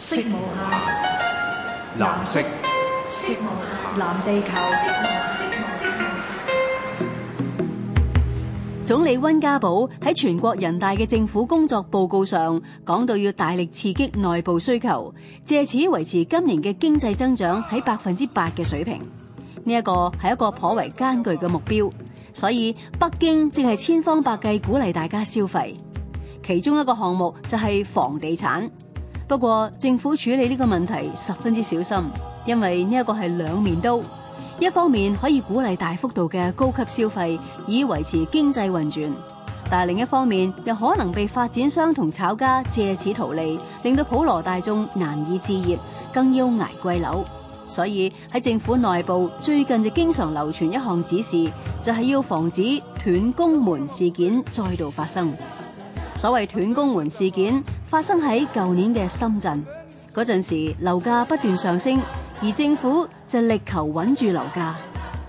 色無限，藍色，色無藍地球。總理溫家寶喺全國人大嘅政府工作報告上講到，要大力刺激內部需求，借此維持今年嘅經濟增長喺百分之八嘅水平。呢一個係一個頗為艱巨嘅目標，所以北京正係千方百計鼓勵大家消費，其中一個項目就係房地產。不過政府處理呢個問題十分之小心，因為呢個係兩面刀，一方面可以鼓勵大幅度嘅高級消費以維持經濟運轉，但另一方面又可能被發展商同炒家借此圖利，令到普羅大眾難以置業，更要捱貴樓。所以喺政府內部最近就經常流傳一項指示，就係、是、要防止斷供門事件再度發生。所謂斷供門事件。發生喺舊年嘅深圳嗰陣時，樓價不斷上升，而政府就力求穩住樓價，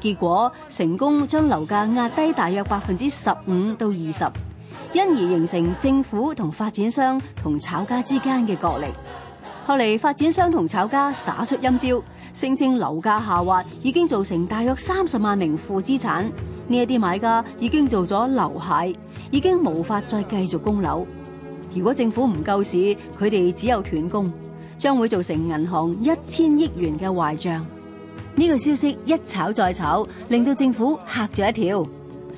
結果成功將樓價壓低大約百分之十五到二十，因而形成政府同發展商同炒家之間嘅角力。後嚟發展商同炒家耍出陰招，聲稱樓價下滑已經造成大約三十萬名負資產，呢一啲買家已經做咗樓蟹，已經無法再繼續供樓。如果政府唔救市，佢哋只有斷供，將會造成銀行一千億元嘅壞賬。呢、這個消息一炒再炒，令到政府嚇咗一跳。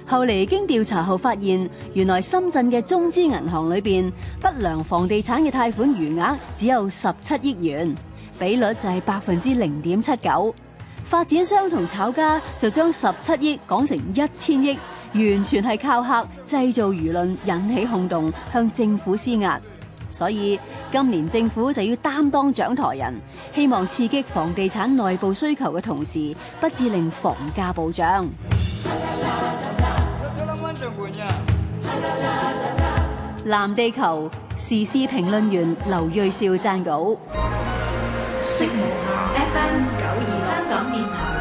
後嚟經調查後發現，原來深圳嘅中資銀行裏邊不良房地產嘅貸款餘額只有十七億元，比率就係百分之零點七九。發展商同炒家就將十七億講成一千億。完全係靠客製造輿論，引起轟動，向政府施壓。所以今年政府就要擔當掌台人，希望刺激房地產內部需求嘅同時，不致令房價暴漲。藍地球時事評論員劉銳紹撰稿。色無瑕 FM 九二香港電台。